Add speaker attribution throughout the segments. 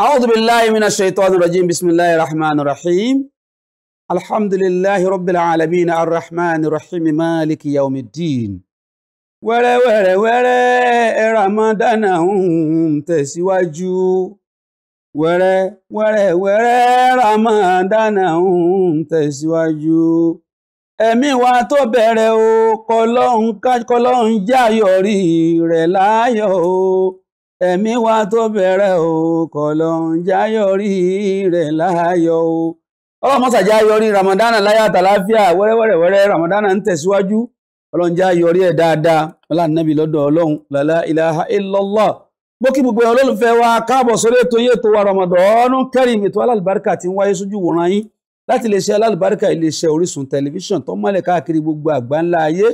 Speaker 1: أعوذ بالله من الشيطان الرجيم بسم الله الرحمن الرحيم الحمد لله رب العالمين الرحمن الرحيم مالك يوم الدين wẹ́rẹ́ wẹ́rẹ́ wẹ́rẹ́ ramadana ń tẹ̀síwájú wẹ́rẹ́ wẹ́rẹ́ wẹ́rẹ́ ramadana ń tẹ̀síwájú ẹ̀mí wa tó bẹ̀rẹ̀ o kọlọ́hún jáyọ̀ rí rẹ̀ láyọ̀ o ẹ̀mí wa tó bẹ̀rẹ̀ o kọ̀lọ̀ ń jáyọrí rẹ̀ láyọ̀ o. ọlọ́mọ́sà já yọrí ramadana láyà tàlàáfíà wẹ́rẹ́wẹ́rẹ́wẹ́rẹ́ ramadana ń tẹ̀síwájú ọlọ́njá yọrí ẹ̀ dáadáa ọlọ́nàbí lọ́dọ̀ ọlọ́run lálá ilaha illallah. bó kí gbogbo olólùfẹ́ wa káàbọ̀ sórí ètò yìí ètò wa Ramadan Kareem ètò alálùbáríkà ti ń wáyé sójú wòran yín láti iléeṣẹ́ alálùbáríkà iléeṣẹ́ Orísun tẹlifíṣàn tó mọ́lẹ̀ káàkiri gbogbo àgbáńlá ayé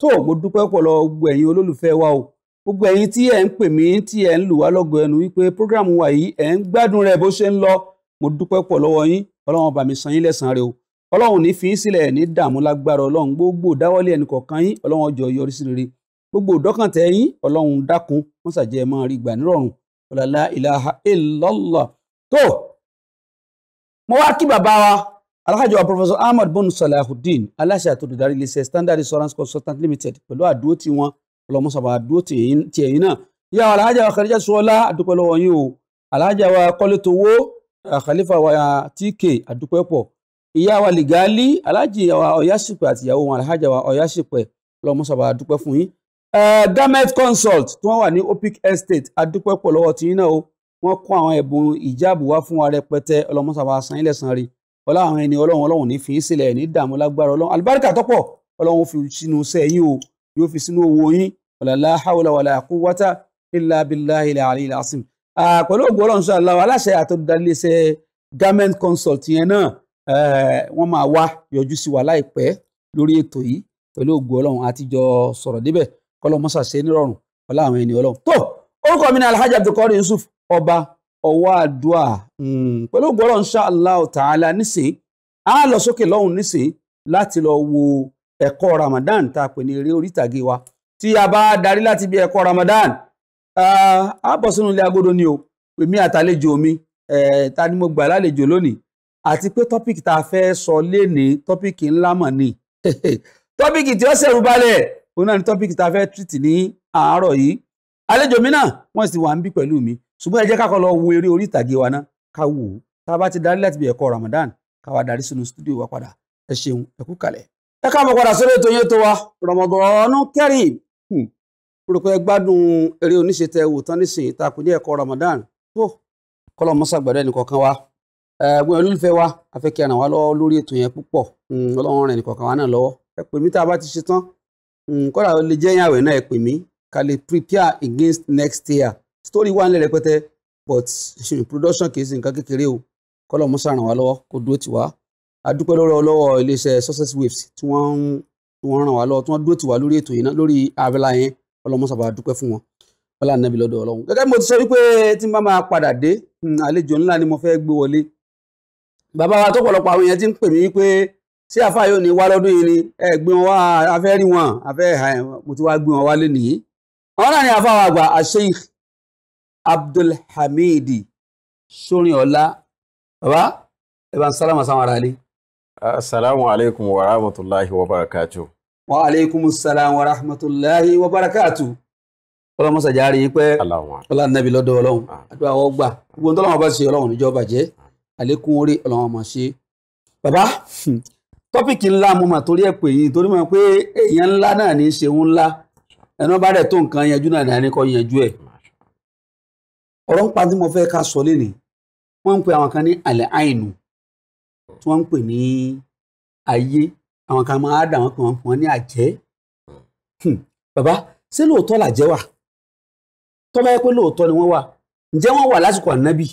Speaker 1: tó mo dúpẹ́ pọ̀ lọ gbogbo olólùfẹ́ wa o gbogbo ẹ̀yin tí ẹ̀ ń pè mí tí ẹ̀ ń lù wá lọ́gọ̀ ẹnu wípé program wa yìí ẹ̀ ń gbádùn rẹ̀ bó ṣe ń lọ mo dúpẹ́ pọ̀ lọ́wọ́ yín ọlọ́run bá mi san yín lẹ́sàn-án rẹ o ọlọ́run ní fi í sílẹ̀ ní dààmú lágbára ọlọ́run gbogbo dáwọ́lé ẹnì kọ̀ọ̀kan yín ọlọ́run jọ yọrí sí rere gbogbo ìdọ́kàntẹ́ yín ọlọ́run dákun wọ́n ṣàjẹ́ ẹ máa rí gbà nírọ̀rùn ọ̀làlá ìlàhà illallah tó mo wá kí bàbá wa alhaji wa professor ahmed bonu salahuddin aláṣẹ àtòdòdarí iléeṣẹ́ standard insurance consultant limited pẹ̀lú àdúró tí wọn ọlọmọsàbà dúró ti ẹ̀yin náà ìyá wa alájà wa kàdíjà sọlá àdúpẹ́ yín o alájà wa kọ́létowó àkàlífà wa tk àdúpẹ́ pọ̀ ìyá wa lìgálí alájì wa ọ̀yáṣìpẹ̀ àti ìyàwó wọn alájà wa ọ̀yáṣìpẹ̀ ọlọmọsàbà àdúpẹ́ fún yín. damet consult tí wọ́n wà ní opic estate àdúpẹ́ pọ̀ lọ́wọ́ ti yín náà o wọ́n kó àwọn ẹ̀bùn ìjáàbù wá fún wa rẹpẹtẹ ọlọmọsàbà san yín lẹ́san rí ọlá àwọn ẹni ọlọ́run ọlọ́run ní fi ní dààmú lágbára ọlọ́run àlùbáríkà tọ́pọ̀ ọlọ́run fi sínú sẹ́yìn o yóò fi sínú owó yín wàlálà hàwùlà wàlà quwwata illa billahi ilẹ̀ àlẹ́ ilẹ̀ asim. pẹ̀lú ògùn ọlọ́run sọ̀rọ̀ aláwọ̀ aláṣẹ àtọ́dálẹ́sẹ̀ garment consult yẹn náà wọ́n máa wá yọjú sí wa láìpẹ́ lórí ètò yìí pẹ̀lú ògùn ọlọ́run àtijọ́ sọ̀rọ̀ débẹ̀ kọ́lọ́ mọ́sàṣẹ́ nírọ̀rùn ọlá àwọn ẹni ọlọ́run. tó orúkọ mi ni alhaji abdulkadir yusuf ọba ọwọ́ àdúà hmm, pẹ̀lú ògùn ọlọ́run insha Allah ta'ala nísìn á lọ sókè lọ́hùn nísìn láti lọ wo ẹ̀kọ́ Ramadan tá a pè ní eré orí ìtàgé wa tí a bá darí láti bí ẹ̀kọ́ Ramadan a bọ̀ sínú ilé agodo ni o èmi àtàlejò mi ta ni mo gbà lálejò lónìí àti pé tọ́pìkì tá a fẹ́ sọ lénìí tọ́pìkì ńlá mọ̀ ni tọ́pìkì tí ó ṣẹ̀rù balẹ̀ òun náà ni tọ́pìkì tá a fẹ́ tìtì ní àárọ̀ yìí àlejò mi náà wọ́n sì wà ń bí pẹ̀lú mi ṣùgbọ́n ẹ jẹ́ ká kọ́ lọ wo eré orí wa náà ká wò ó tá a bá ti darí láti bí ẹ̀kọ́ Ramadan ká wá darí sínú stúdíò wa padà ẹ ṣeun ẹ kú kalẹ̀ ẹ káàmọ́ padà sórí ètò yẹn tó wa Ramadan Kareem hmm. rúkọ ẹ gbádùn eré oníṣe tẹ wò tán nísìnyí tá a kò ní ẹ̀kọ́ Ramadan tó kọlọ mọsà gbàdọ ẹnìkọ̀ọ̀kan wa ẹgbẹ́ olólùfẹ́ wa afẹkẹ ràn wá lọ́wọ́ lórí ètò yẹn púpọ̀ hmm, Ọlọ́run ràn ẹnìkọ̀ọ̀kan wa náà lọ́wọ́ ẹ pè mí tá a bá ti ṣe tán hmm, kódà ó lè jẹyìn àwẹ̀ náà ẹ pè mí ká lè prepare against next year story wà nílẹ̀ rẹpẹtẹ but production kì í sì nǹkan kékeré o kọlọ mọsà ràn wá lọ́wọ́ kó dúró tì wá adúpẹ́ lọ́rọ̀ lọ́wọ́ iléeṣẹ́ success waves tí wọ́n ń tí wọ́n ràn wá lọ́wọ́ tí wọ́n dúró tì wá lórí ètò yìí náà lórí abẹ́là yẹn ọlọ́mọsàbà dúpẹ́ fún wọn wọ́n là nẹ́bi lọ́dọ̀ ọlọ́run. gẹ́gẹ́ bí mo ti sọ wípé tí n bá máa padà dé hmm, àlejò ńlá ni mo fẹ́ gbé wọlé bàbá wa tó pọ̀lọpọ̀ àwọn èèyàn ti ń pè mí wípé sí àfáà yóò ní wá lọ́dún yìí ni ẹ gbé wọn wá afẹ́ rí wọn afẹ́ mo ti wá gbé wọn wálé nìyí. àwọn náà ni àfáà wa àgbà Sheikh Abdulhamid Sorinọlá bàbá ẹ bá ń sálámà sáwọn ará ilé. Assalamu
Speaker 2: alaikum wa rahmatullahi wa barakatu.
Speaker 1: Wa alaikum salam wa rahmatullahi wa barakatu. Ọlọ́run mọ́sà járe yín pẹ́, ọlá nàbí lọ́dọ̀ ọlọ́run, àdúrà wọ́n gbà. Gbogbo ohun tọ́lọ́run bá ṣe ọlọ́run níjọ́ bàjẹ́, àlékún orí ọlọ́run mọ̀ ṣe. Bàbá, hmm, tọ́pìkì ńlá mo mà torí ẹ̀ pè yín torí mọ̀ pé èèyàn ńlá náà ní í ṣe òun ńlá. Ẹ̀nà bá rẹ̀ tó nǹkan yanjú náà náà kọ́ yanjú ẹ̀. Ọ̀rọ̀ ń pa tí mo fẹ́ ká sọ lénìí. Wọ́n ń pe àwọn kan ní àlẹ́ àìnù tí wọ́n ń pè ní ayé àwọn kan máa dà wọ́n pé wọ́n pè wọ́n ní àjẹ́ hmm. bàbá ṣé lóòótọ́ làjẹ́ wà tó bá yẹ pé lóòótọ́ ni wọ́n wà ǹjẹ́ wọ́n wà lásìkò ànábì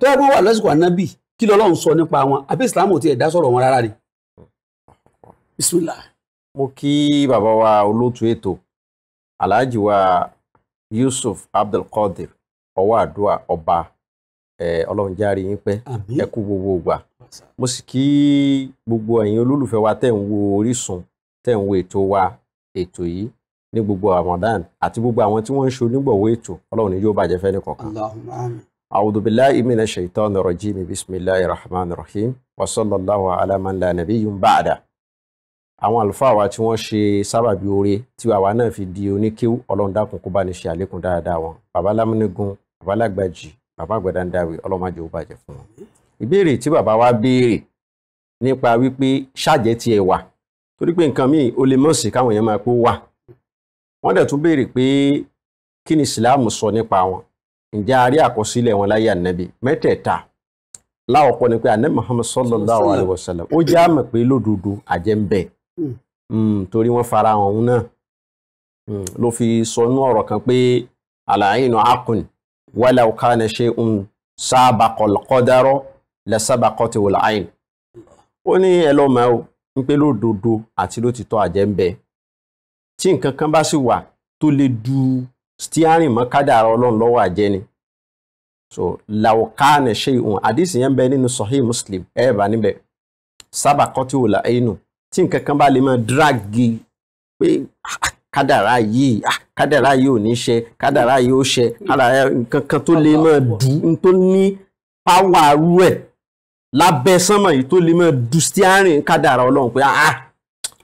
Speaker 1: tó yẹ wọ́n wà lásìkò ànábì kí lọ́lọ́run sọ nípa wọn àbí ìsìlámù ti ẹ̀dá sọ̀rọ̀ wọn rárá ni.
Speaker 2: mo kí bàbá wa olóòtú ètò alhaji wa Yusuf Abdulkadir ọwọ́ àdúrà ọba ọlọ́run járe yín pẹ́ ẹ kú gbogbo ìgbà mo sì kí gbogbo ẹ̀yin olólùfẹ́ wa tẹ̀ ń wo Orísun tẹ̀ ń wo ètò wa ètò yìí ní gbogbo Ramadan àti gbogbo àwọn tí wọ́n ń ṣe onígbọ̀wọ́ ètò Ọlọ́run ni yóò bàjẹ́ fẹ́ni kankan. Allahumma amin. A'udhu billahi minash shaitani rajim bismillahir rahim wa sallallahu ala man la nabiyyun ba'da. àwọn àlùfáà wa tí wọ́n ṣe sábàbí oore tí àwa náà fi di oníkéwú Ọlọ́run dákun kó bá ní ṣe àlékún dáadáa wọn bàbá lámúnigun bàbá lágbàjì bàbá àgbàdandáwì Ọlọ́run má jẹ́ ó bàjẹ́ fún wọn ìbéèrè tí bàbá wa béèrè nípa wípé ṣàjẹ́ tiẹ̀ wà torí pé nǹkan míì ó lè mọ̀ sí káwọn èèyàn máa pé ó wà wọ́n dẹ̀ tún béèrè pé kí ni ìsìláàmù sọ nípa wọn ǹjẹ́ a rí àkọsílẹ̀ wọn láyé ànábì mẹ́tẹ̀ẹ̀ta láwọ̀pọ̀ ni pé ànábì Muhammad sallallahu alayhi wa sallam ó jẹ́ àmọ̀ pé lódodo àjẹ́ ń bẹ hmm, torí wọ́n fara hàn náà hmm, ló fi sọnú ọ̀rọ̀ kan pé àlàyé inú akun wàlà òkànnà ṣe ń sábà kọ̀lọ̀kọ̀dárọ̀ lẹ́sàbà kọ́tì wò láàyìn ó ní ẹ lọ́ máa ń pé lódodo àti lótìtọ́ àjẹ́ ń bẹ tí nǹkan kan bá sì wà tó lè du steering mọ́ kádàrá ọlọ́run lọ́wọ́ àjẹ́ ni so làwọ̀kánà ṣe ìhùn àdìsí yẹn bẹ nínú Sahih Muslim ẹ bá níbẹ̀ sábà kọ́tì wò láàyìn nù tí nǹkan kan bá lè máa dragi pé ah, kádàrá yìí ah, kádàrá yìí ò ní ṣe kádàrá yìí ó ṣe kádàrá nǹkan kan tó lè máa dùn tó ní pàwọ́ àrú ẹ̀ lábẹ́ sánmọ̀ yìí tó lè mọ́ du stiarin kádàrá ọlọ́run pé ah. ah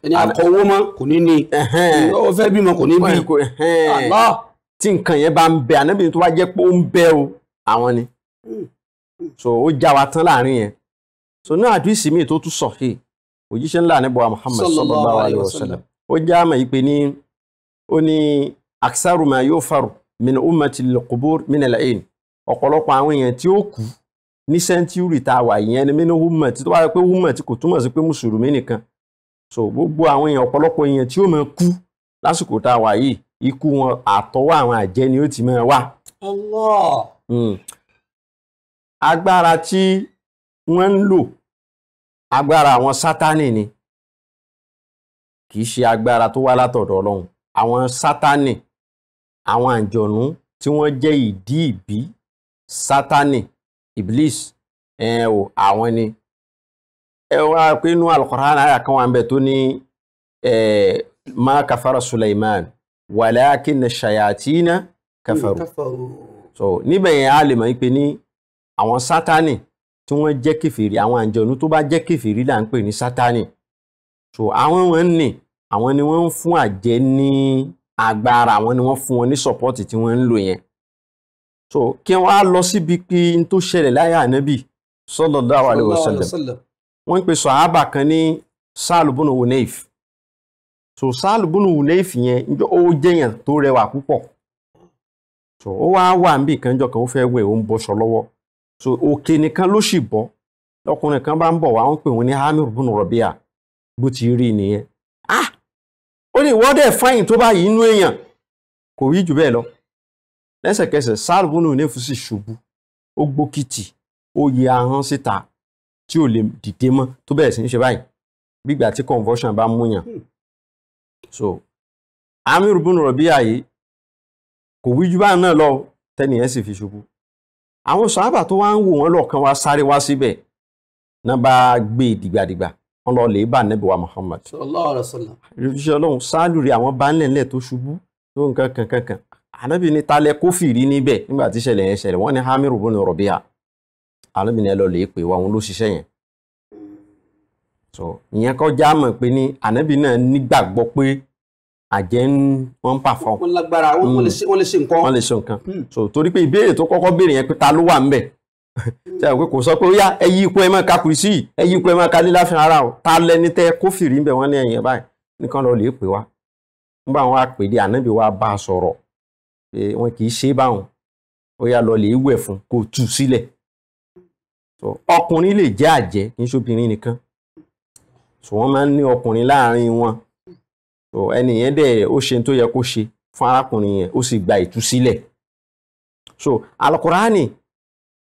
Speaker 2: ẹni àkọ́wọ́ mọ́ kò ní ní ọ fẹ́ bímọ kò ní bí tí nǹkan yẹn bá ń bẹ ànábìyẹn tó bá jẹ́ pé ó ń bẹ o àwọn ni hmm, hmm. so ó já wa tán láàrin yẹn so náà àdúísì míì tó tún sọ hì òjíṣẹ́ ńlá ànábọ̀ Muhammad sallallahu alayhi wa sallam ó já àmọ̀ yìí pé ní ó ní aksaru ma yufaru min ummati al-qubur min al-ayn ọ̀pọ̀lọpọ̀ àwọn èèyàn tí ó kù ní sẹ́ńtúrì tá a wà yẹn ni mínú women tí tó bá yẹ pé women tí kò túmọ̀ sí pé mùsùlùmí nìkan so gbogbo àwọn èèyàn ọ̀pọ̀lọpọ̀ èèyàn tí ó máa kú lásìkò tá a wà yìí ikú wọn àtọwọ́ àwọn àjẹ́ ni ó ti máa wà. Hmm. agbára tí wọ́n ń lò agbára àwọn sátánì ni kì í ṣe agbára tó wá látọ̀dọ̀ ọlọ́run àwọn sátánì àwọn àǹjọ̀nú tí wọ́n jẹ́ ìdí ìbí sátánì iblis ẹn o àwọn ni ẹ wá pé inú al-Qur'an àyà kan wà ń bẹ tó ní ma kafara Sulaiman walakinna shayatina kafaru so níbẹ̀ yẹn a lè mọ̀ pé ní àwọn sátani tí wọ́n jẹ́ kẹfìrí àwọn àjọ̀nú tó bá jẹ́ kẹfìrí là ń pè ní sátani so àwọn wọn ní àwọn ni wọ́n ń fún àjẹ́ ní agbára àwọn ni wọ́n fún wọn ní sọ́pọ́ọ̀tì tí wọ́n ń lò yẹn so kí wọ́n á lọ síbi pé n tó ṣẹlẹ̀ láyé ànábì sallallahu alaihi wasallam wọ́n ń pè kan ní Sahal bun so Sahal bun yẹn ó jẹyàn tó rẹwà púpọ̀ so ó wá wà níbi kan ó fẹ́ ó ń so òkè nìkan ló ọkùnrin kan bá ń bọ̀ wá wọ́n pè ní bó ti rí nìyẹn ah lẹ́sẹ̀kẹsẹ̀ sáàrùbùnú nẹ́fù sì ṣubú ó gbókìtì ó yẹ ahọ́n síta tí ò lè dìde mọ́ tó bẹ̀rẹ̀ sí ń ṣe báyìí gbígbà tí convulsion bá mú yàn hmm. so amírùbùnú rọ̀ bí àyè kò wíjú báyìí náà lọ tẹ́nìyẹn sì fi ṣubú àwọn sàábà tó wá ń wò wọ́n lọ́ọ̀kan wá sáré wá síbẹ̀ náà bá gbé e dìgbàdìgbà wọn lọ lè bá nẹ́bí wa Muhammad. sallallahu alaihi wasallam. ìrìnsẹ̀ ọlọ́run sáálùrì àwọn bá ń lẹ̀ ńlẹ̀ tó ṣubú tó nǹkan kankan ànábì ní talẹ kófìrí níbẹ̀ nígbà tí ìṣẹ̀lẹ̀ yẹn ṣẹlẹ̀ wọ́n ní hamiru bó ni rọbíà ànábì ẹ lọ lè pè wá òun ló ṣiṣẹ́ yẹn so ìyẹn kọ́ já mọ̀ pé ní ànábì náà nígbàgbọ́ pé àjẹ́ ń wọ́n ń pàfọ́. wọ́n
Speaker 1: lágbára wọ́n lè
Speaker 2: ṣe nǹkan. wọ́n lè ṣe nǹkan so torí pé ìbéèrè tó kọ́kọ́ béèrè yẹn pé ta ló wà ń bẹ̀ ṣe àwọn pé kò sọ pé ó yá ẹ yí ipò ẹ máa ka kùrìsì ẹ yí ipò ẹ máa ka lílá fi ara o ta lẹni tẹ kófìrí ń bẹ̀ wọ́n ní ẹ̀yìn báyìí nìkan lọ lè pè wá nígbà wọn á pè dé ànábì wa bá a sọ̀rọ̀ wọn kì í ṣe báwọn ó yá lọ lè wẹ̀ fún kó tú sílẹ̀ ọkùnrin lè jẹ́ àjẹ́ kì í ṣobìnrin nìkan so wọ́n máa ń ní ọkùnrin láàrin wọn so ẹni yẹn dẹ̀ ó ṣe tó yẹ kó ṣe fún arákùnrin yẹn ó sì gba ìtúsílẹ̀ so alukurani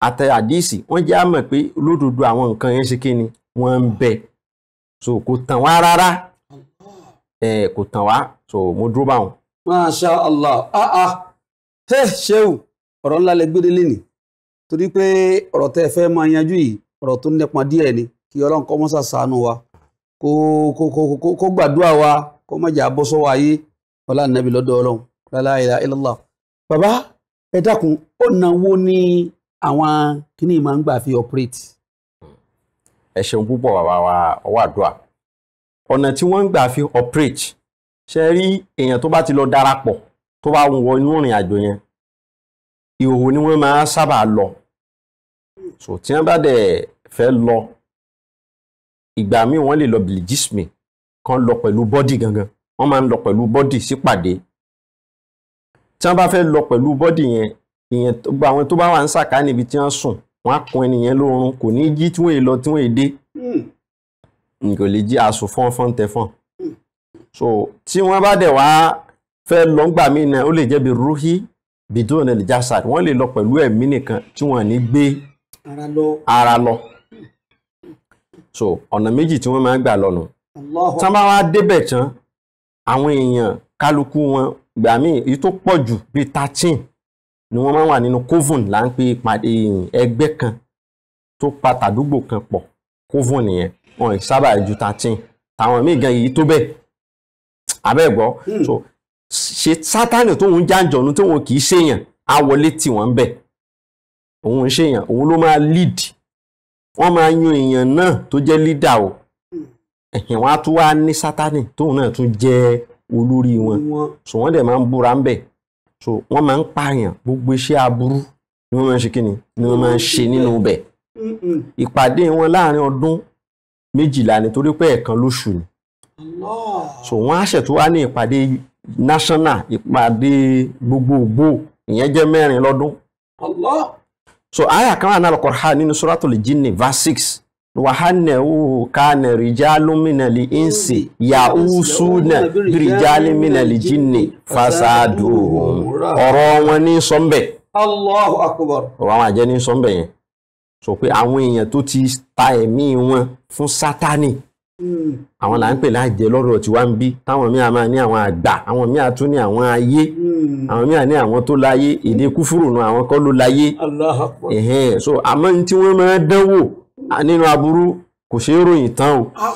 Speaker 2: àti àdìsí wọ́n jẹ́ àmọ̀ pé lódodo àwọn nǹkan yẹn ṣe kíni wọ́n ń bẹ
Speaker 1: so kò tàn wá rárá ẹ kò tàn wá so mo dúró báwọn masha allah ah ah he ṣeun ọ̀rọ̀ ńlá lẹ gbére lẹ́nì torí pé ọ̀rọ̀ tẹ́ ẹ fẹ́ máa yanjú yìí ọ̀rọ̀ tó nípa díẹ̀ ni kí ọlọ́run kọ́ mọ́sà sànù wa kó kó kó kó gbàdúrà wa kó má jà bọ́ sọ́wọ́ ayé ọlá nàbí lọ́dọ̀ ọlọ́run la ilaha illallah bàbá ẹ dákun ọ̀nà wo ni àwọn kìnnìún máa ń gbà fi operate.
Speaker 2: ẹ ṣeun púpọ̀ bàbá wa ọwọ́ àdúrà ọ̀nà tí wọ́n ń gbà fi operate ṣe rí èèyàn tó bá ti lọ darapọ̀ tó bá wọ inú ìrìn àjò yẹn ìhòòhò ni wọ́n máa sábà lọ so tí wọ́n bá dẹ̀ fẹ́ lọ ìgbà míì wọ́n lè lọ bìlìjísmì kan lọ pẹ̀lú bọ́dì gangan wọ́n máa ń lọ pẹ̀lú bọ́dì sípàdé tí wọ́n bá fẹ́ lọ pẹ̀lú bọ́dì yẹn ìyẹn gbogbo àwọn tó bá wà ń sàká níbi tí wọ́n sùn wọ́n á kun ẹnìyẹn lóorun kò ní jí tí wọ́n lọ tí wọ́n dé
Speaker 1: hmm.
Speaker 2: kò lè jí aṣọ fọ́nfọ́n tẹ fọ́n so tí wọ́n bá dẹ̀ wá fẹ́ lọ ńgbà míì náà ó lè jẹ́ bí ruhi bidon el jasad wọ́n lè lọ pẹ̀lú ẹ̀mí nìkan tí wọ́n ní gbé ara lọ so ọ̀nà méjì tí wọ́n máa ń gbà lọ́nu tán bá wá débẹ̀ tán àwọn èèyàn kálukú wọn gbà míì èyí tó pọ̀ jù bíi thirteen ni wọ́n máa ń wà nínú coven là ń pè pàdé ẹgbẹ́ kan tó pa tàdúgbò kan pọ̀ coven nìyẹn wọn sábà ju thirteen táwọn míì gan èyí tó bẹ́ẹ̀ abẹ́ hmm. so ṣe sátánì tó ń jáǹjọ̀nù tó wọn kì í ṣèyàn á wọlé tí wọ́n ń bẹ̀ òun ń ṣèyàn òun ló máa lead wọ́n máa yan èèyàn náà tó jẹ́ leader o hmm. ẹ̀hìn wọn á tún wá ní sátánì tóun náà tún jẹ́ olórí wọn so wọ́n dẹ̀ máa ń búra ń bẹ̀ so wọ́n máa ń pààyàn gbogbo iṣẹ́ aburú ni wọ́n máa ń ṣe kíni ni wọ́n máa ń ṣe nínú ibẹ̀ ìpàdé wọn láàrin ọdún méjìlá ni torí pé ẹ̀ẹ̀kan lóṣù ni so wọ́n á ṣètò wá ní ìpàdé national ìpàdé gbogbogbò ìyẹn jẹ́ mẹ́rin lọ́dún. so àyà kan wà náà lọkọ̀ ha nínú suratul jinni verse six wàhánà ó kánà rìjálù mìnàlì ìnsì yàúsùnà rìjálù mìnàlì jinni fásádù ọ̀rọ̀ wọn ní sọ́mbẹ̀. akbar. ọ̀rọ̀ àwọn àjẹ́ ní sọ́mbẹ̀ yẹn sọ pé àwọn èèyàn tó ti ta ẹ̀mí wọn fún sátani àwọn là ń pè láàjẹ lọ́rọ̀ tí wàá ń bí táwọn míì máa ní àwọn àgbà àwọn míì tún ní àwọn ayé
Speaker 1: hmm.
Speaker 2: àwọn míì ní àwọn tó láyé èdè kúfúrú àwọn kọ́ ló láyé so àmọ́ ní tí wọ́n máa dánwò nínú aburú kò ṣeé ròyìn tán o
Speaker 1: ah,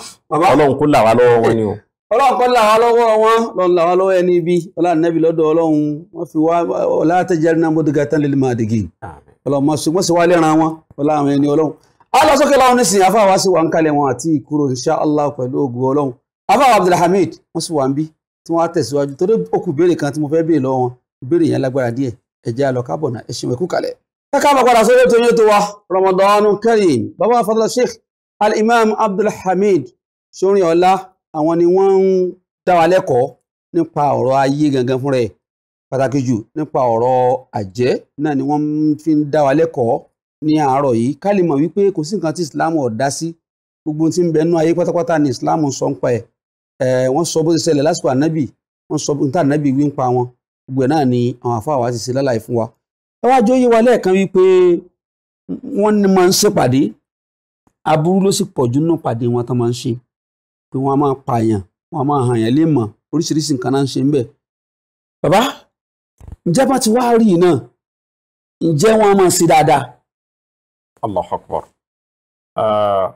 Speaker 1: ọlọ́run kó là wá lọ́wọ́ wọn ni o. Eh, ọlọ́run kó là wá lọ́wọ́ wọn lọ́n là wá lọ́wọ́ ẹni ibi ọlá nẹ́bí lọ́dọ̀ ọlọ́run wọ́n fi wá ọlá àtẹ̀jẹ́rìnà mọ́tò gàtán lè má ọlọ́run mọ̀ sí wọ́n sì wọn ọlá ẹni ọlọ́run alásókè láwọn nísìnyí afáwa sì wà ń kalẹ̀ wọn àti ìkúrò insha Allah pẹ̀lú ògùn ọlọ́run afáwa Abdulhamid wọ́n sì wà ń bí tí wọ́n á tẹ̀síwájú torí okùn béèrè kan tí mo fẹ́ béèrè lọ́wọ́ wọn béèrè yẹn lágbára díẹ̀ ẹ̀jẹ̀ àlọ́ kábọ̀ náà ẹ̀sìn ẹ̀kú kalẹ̀. káká máa padà sórí ètò yẹn tó wa Ramadan Kareem bàbá afadala Sheikh al-Imam Abdulhamid Sorinọlá àwọn ni wọ́n ń dá wa lẹ́kọ̀ọ́ nípa ọ̀rọ̀ ayé gangan fúnra ẹ̀ pàtàkì jù nípa ọ̀rọ̀ àjẹ́ náà ni wọ́n fi ń ní àárọ̀ yìí ká lè mọ̀ wípé kò sí nǹkan tí islam ò sí gbogbo tí ń bẹ ayé pátápátá ni islam sọ ń pa ẹ̀ ẹ̀ wọ́n sọ bó ti ṣẹlẹ̀ lásìkò ànábì wọ́n sọ níta ànábì wí ń pa wọn gbogbo ẹ̀ náà ni àwọn àfáà wa ti ṣe lálàyé fún wa. ẹ wá jó yé wa lẹ́ẹ̀kan wípé wọ́n ní máa ń ṣèpàdé aburú ló sì pọ̀ jù nínú pàdé wọn tó máa ń ṣe pé wọ́n máa pààyàn wọ́n máa hàn yàn lè mọ̀ oríṣiríṣi nǹkan náà ń ṣe ń bàbá ǹjẹ́ bá ti wá rí i náà ǹjẹ́ wọ́n máa ṣe dáadáa
Speaker 2: allah akbar ah,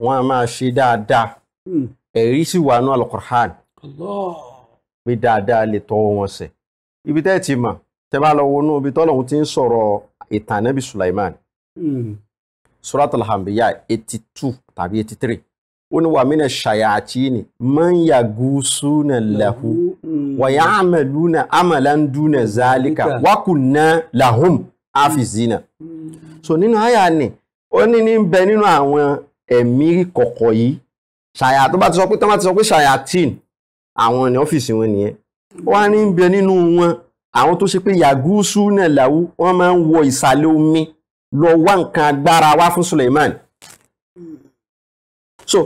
Speaker 2: wọn a máa ṣe dáadáa hmm. ẹ̀rí sì wà ní alukur'an bí dáadáa lè tọ́wọ́ wọn sẹ̀ ibi tẹ́ ti mọ̀ tẹ́ bá lọ wọnú ibi tọ́lọ́hún ti ń sọ̀rọ̀ ìtàn Ànábì Sulaiman hmm. surat alhambiya eighty two tàbí eighty three ó ní wà mina shayatini man yagusuna lahu hmm. wa ya'maluna amalan duna zalika wa kunna lahum afizina. Mm so nínú àyà ni ó ni ní bẹ nínú àwọn ẹ̀mí kọ̀kọ̀ yìí ṣàyà tó bá ti sọ pé tó bá ti sọ pé ṣàyà tíìn àwọn ní ọ́fíìsì wọn nìyẹn wọ́n á ní bẹ nínú wọn àwọn tó ṣe pé yàgúsù náà làwú wọ́n máa ń omi lọ wá nǹkan agbára wá fún Suleiman so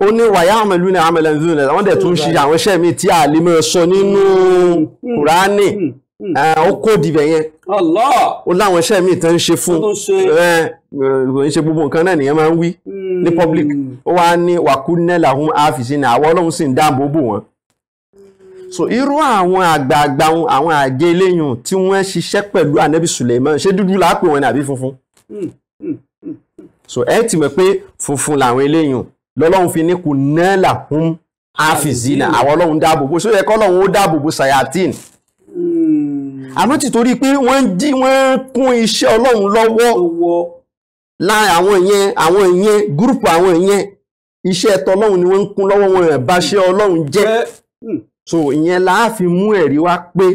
Speaker 2: ó ní wàyà àmàlú ní àmàlẹ́ńdúnrún náà wọ́n dẹ̀ tún ṣe àwọn iṣẹ́ mi tí a lè máa sọ nínú hmm. Hmm. Kùránì. Hmm. Hmm. Eh, ó kó dìbẹ̀ yẹn ó láwọn iṣẹ́ míì tán ń ṣe fún ìròyìn eh, eh, ṣe gbogbo nǹkan náà nìyẹn máa ń wí hmm. ní public ó wá ní wàkúnẹ́là ọ̀hún àfìsí ní àwọn ọlọ́run sì ń dáàbò bò wọ́n so irú àwọn àgbààgbà àwọn àjẹ eléyìn tí wọ́n ṣiṣẹ́ pẹ̀lú ànábì Suleiman ṣé dúdú la pè wọ́n àbí funfun hmm, so ẹ ti mọ̀ pé funfun làwọn eléyìn lọ́lọ́run fi ní kùnẹ́là ọ̀hún àfìsí ní àwọn ọlọ́run dáàbò bò ṣó yẹ kọ́ sayatin Hmm. àmọ́ tìtorí pé wọ́n ń dí wọ́n ń kún iṣẹ́ ọlọ́run lọ́wọ́ lára àwọn ìyẹn àwọn ìyẹn gúrùpù àwọn ìyẹn iṣẹ́ tọlọ́run ni wọ́n ń kún lọ́wọ́ wọn bá ṣe ọlọ́run jẹ́ hmm. so ìyẹn la á fi mú ẹ̀rí wá pé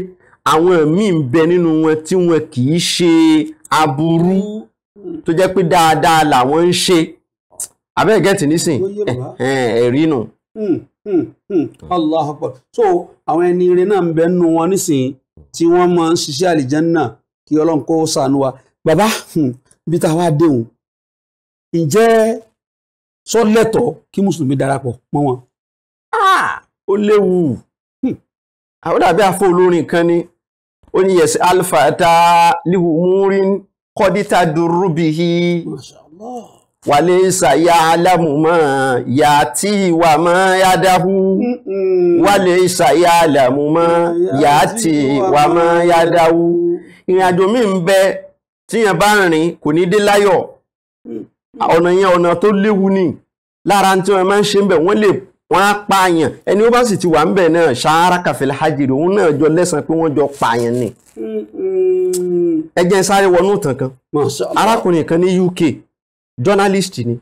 Speaker 2: àwọn míì ń bẹ nínú wọn tí wọn kì í ṣe aburú hmm. tó jẹ́ pé dáadáa làwọn ń ṣe abẹ́ẹ̀gẹ́tì nísìn ẹ̀rí nù.
Speaker 1: Hmm, hmm. allah akbar so àwọn ẹni ire náà ń bẹ nínú wọn nísìnyí tí wọ́n máa ń ṣiṣẹ́ àlìjánná kí ọlọ́run kó sànú wa bàbá hmm, bí tá a wá déhùn ǹjẹ́ sọ lẹ́tọ̀ọ́ kí mùsùlùmí darapọ̀ mọ́ wọn. Ah, ó léwu àwọn ah, dàbí afọ olórin
Speaker 2: kan ni ó alfa ta lihu múrin kọdítà dúró bìí. masha allah wàlẹ́sà ya alámùmọ́ ya tí wà mọ́ yádáhù wàlẹ́sà ya alámùmọ́ ya tí wà mọ́ yádáhù ìrìn àjò mi ń bẹ tíyàn bá rìn kò ní dé láyọ̀ ọ̀nà yẹn ọ̀nà tó léwu ni lára tí wọ́n máa ń ṣe ń bẹ̀ wọ́n lè wọ́n á pààyàn ẹni ó bá sì ti wà ń bẹ̀ náà ṣáára kàfẹ́lẹ́ hajiri òun náà jọ lẹ́sàn pé wọ́n jọ pààyàn ni ẹ jẹ́ sáré wọnú ìtàn kan arákùnrin kan ní UK journalist ni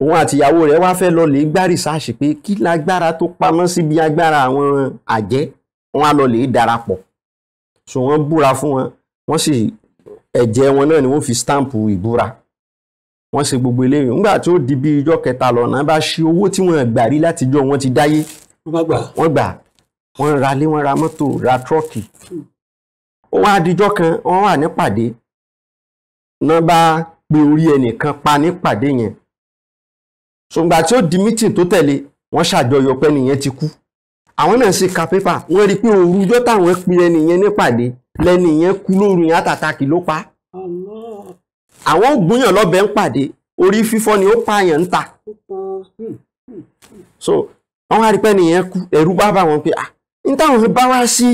Speaker 2: òun àtìyàwó rẹ̀ wá fẹ́ lọ lè gbá rìsáàṣì pé kí lágbára tó pamọ́ síbi agbára àwọn àjẹ́ wọn á lọ lè darapọ̀ so wọ́n búra fún wọn wọ́n sì ẹ̀jẹ̀ wọn náà ni wọ́n fi stampu ìbúra wọ́n ṣe gbogbo eléyìí nígbà tó di bí ijọ́ kẹta lọ́nà bá ṣe owó tí wọ́n gbà rí látijọ́ wọn ti dáyé wọ́n gbà wọ́n ra lé wọ́n ra mọ́tò ra tírọ́ọ̀kì hmm. ó adijọ́ kan wọ́n wà nípàdé náà bá pe orí ẹnìkan pa nípàdé yẹn ṣùgbọ́n tí ó di mítìn tó tẹ̀lé wọ́n ṣàjọyọ̀ pé nìyẹn ti kú àwọn náà sì ka pépà wọ́n rí i pé òrujọ́ táwọn pe ẹnìyẹn nípàdé lẹ́nìyẹn kú lóru yẹn àtàtàkì ló pa àwọn ògbóyàn lọ́bẹ̀ ń pàdé orí fífọ́ ni ó pààyàn ń ta so wọ́n wá rí pé ẹnìyẹn kú ẹ̀rú bá bá wọn pé ah n táwọn bá wá sí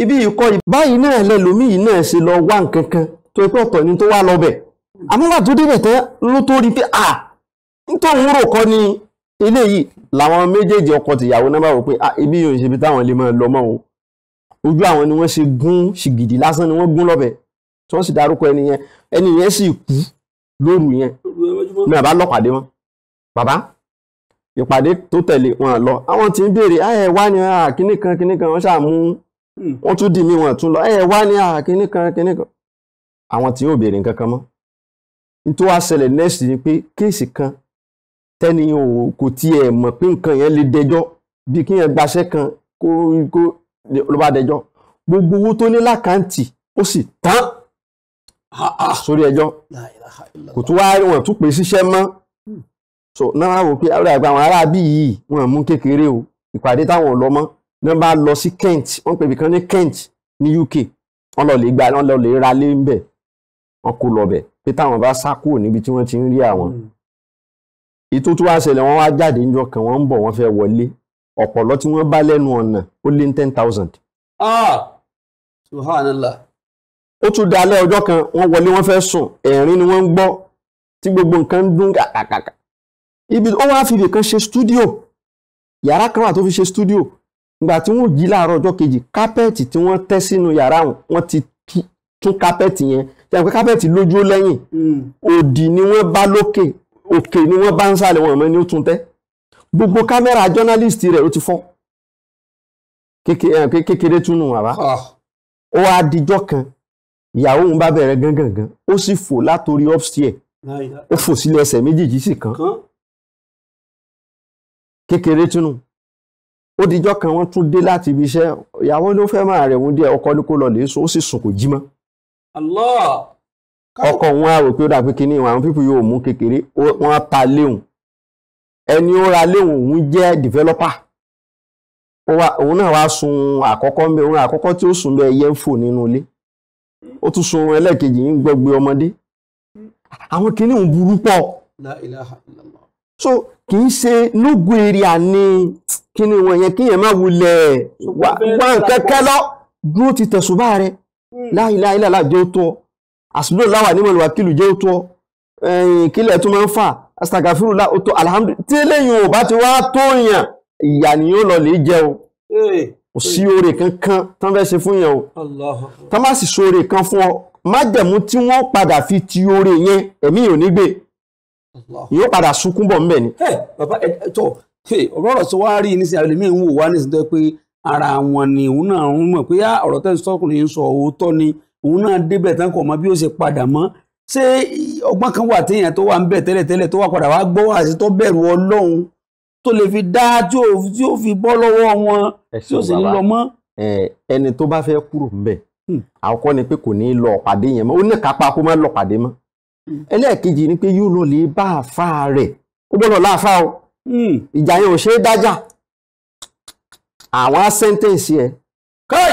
Speaker 2: ibi ìkọ́ báyìí náà lẹ́lòmíì náà ṣe lọ wá nǹkan kan tó pé ọ̀tọ̀ ni tó wá lọ́bẹ̀ àmúgbà tó débẹ̀ tán ló tó rí pé à nítorí rò kọ́ ni eléyìí làwọn méjèèjì ọkọ tìyàwó náà bá wò pé ibi yóò ṣe ibi táwọn lè máa lọ mọ́ o ojú àwọn ni wọ́n ṣe gún ṣìgìdì lásán ni wọ́n gún lọ́bẹ̀ tí wọ́n sì dárúkọ ẹni yẹn ẹni yẹn sì kú lóru yẹn
Speaker 1: ní àbá lọ́pàdé
Speaker 2: wọn bàbá ìpàdé tó tẹ̀lé wọn lọ àwọn tí ń béèrè ẹ wá ní kíní kan kíní kan wọ́n ṣàmú wọ́n tún dì mí wọn tún lọ ẹ wá ní kíní kan kíní kan àwọn tí yóò béèrè nǹkan kan mọ́ n tó wá ṣẹlẹ̀ next ni pé kéèsì kan tẹ́ni o kò tiẹ̀ mọ̀ pé nǹkan yẹn lè dẹjọ́ bí kéèyàn gbaṣẹ́ kan kó kó ló bá dẹjọ́ gbogbo owó tó ní lákàntì ó sì tán sórí ẹjọ́ kò tún wá wọn tún pè síṣẹ́ mọ́ hmm. so náà wò pé àwọn àgbà àwọn aráabí yìí wọn mú kékeré o ìpàdé táwọn lọ mọ́ náà bá lọ sí Kent wọ́n pè bìkan ní Kent ní UK wọ́n lọ lè gba wọ́n lọ lè ra lé ń bẹ̀ wọ́n kó lọ bẹ̀ pé táwọn bá sá kúrò níbi tí wọ́n ti ń rí àwọn. ìtútù hmm. wá ṣẹlẹ̀ wá jáde níjọ́ kan wọ́n ń bọ̀ wọ́n fẹ́ wọlé ọ̀pọ̀lọ́ tí wọ́n bá lẹ́nu ọ̀nà ó lé ní ten thousand.
Speaker 1: ah subhanallah. ó tún da alẹ́ ọjọ́ kan wọ́n wọlé wọ́n fẹ́ sùn ẹ̀rín ni wọ́n ń gbọ́ tí gbogbo nǹkan ń dún kàkàkà. ibi ó wá fi
Speaker 2: ibìkan ṣe stúdíò yàrá kan wà tó fi ṣe stúdíò ìgbà tí wọ́n jí láàárọ̀ ọjọ́ kejì kápẹ́ẹ̀tì tí wọ́n tẹ́ sínú yàrá wọn ti tún kápẹ́ẹ̀tì yẹn tẹ̀wé kápẹ́ẹ̀tì lójú lẹ́yìn hmm. òdì ni wọ́n bá lókè òkè ni wọ́n bá ń sàlẹ̀ wọn mọ́ ní ó tún tẹ́ gbogbo kámẹ́rà jọ́nálìstì rẹ̀ ó ti fọ́ eh, kékeré tún nù wàrà ah. ó wá dijọ́ kan ìyàwó òun bá bẹ̀rẹ̀ gángangan ó sì fò látòrí upstairs ó fò sílẹ̀ ẹsẹ̀ méjèèjì sì kan kékeré tún nù ó dijọ́ kan wọ́n tún dé láti ibi iṣẹ́ ìyàwó ló fẹ́ máa rẹ̀ wọ́n díẹ̀ ọkọ ní kó lọ lè e so ó sì sùn kò jí mọ́.
Speaker 1: ọkọ̀
Speaker 2: wọn á pé ó dà pé kíní ìwọ̀n àwọn yóò mú kékeré wọ́n ta léhùn ẹni ó ra léhùn òun jẹ́ developer òun náà wá sun àkọ́kọ́ àkọ́kọ́ tí ó sùn bẹ́ẹ̀ yẹ ń fò nínú ilé ó tún sun ẹlẹ́ẹ̀kejì ń ọmọdé àwọn kíní burú pọ̀ so kì í ṣe àní kíní yẹn kíyẹn wulẹ̀ wá láìlá ilẹ̀ aláàjẹ́ ó tọ́ àsìlò láwà ní mọ̀lúwà kìlù jẹ́ ó tọ́ kílẹ̀ tó máa ń fà astagafiru lá ó tọ́ alhamdulilayi tí eléyìí ò bá ti wá tó yàn ìyà ni yóò lọ lè jẹ o kò sí oore kankan tán fẹ́ ṣe fún yàn o tán bá sì ṣoore kan fún ọ májẹ̀mú tí wọ́n padà fi
Speaker 1: ti oore yẹn ẹ̀mí ò ní gbé yóò padà sunkún bọ̀ ńbẹ̀ ni. bàbá ẹ tọ ọ̀rọ̀ ọ̀rọ̀ tí wàá rí nísìnyí àlùmí ń wò wá nísìnyí tó yẹ ara wọn ni òun náà ń mọ̀ pé ọ̀rọ̀ tẹ́ ń sọkùnrin ń sọ òótọ́ ni òun náà débẹ̀ tán kò mọ bí ó ṣe padà mọ́ ṣé ọgbọ́n kan wà téèyàn tó wà ń bẹ̀ tẹ́lẹ̀tẹ́lẹ̀ tó wà padà wá gbọ́ àti tó bẹ̀rù ọlọ́run tó lè fi dá tí ó fi bọ́ lọ́wọ́ wọn tí ó sì ń lọ mọ́.
Speaker 2: ẹni tó bá fẹ́ kúrò ńbẹ̀ hmm. àkọ́kọ́ ni pé kò ní lọ pàdé yẹn mọ́ ó ní kápá kó má lọ pàdé mọ́ hmm. ẹlẹ́ẹ̀kejì ni pé yóò lọ lè bá àáfàá rẹ̀ ó gbọ́dọ̀ láàfáà o hmm. ìjà yẹn ò ṣeé dájà àwọn á sẹ́ńtẹ̀ǹsì ẹ̀ káì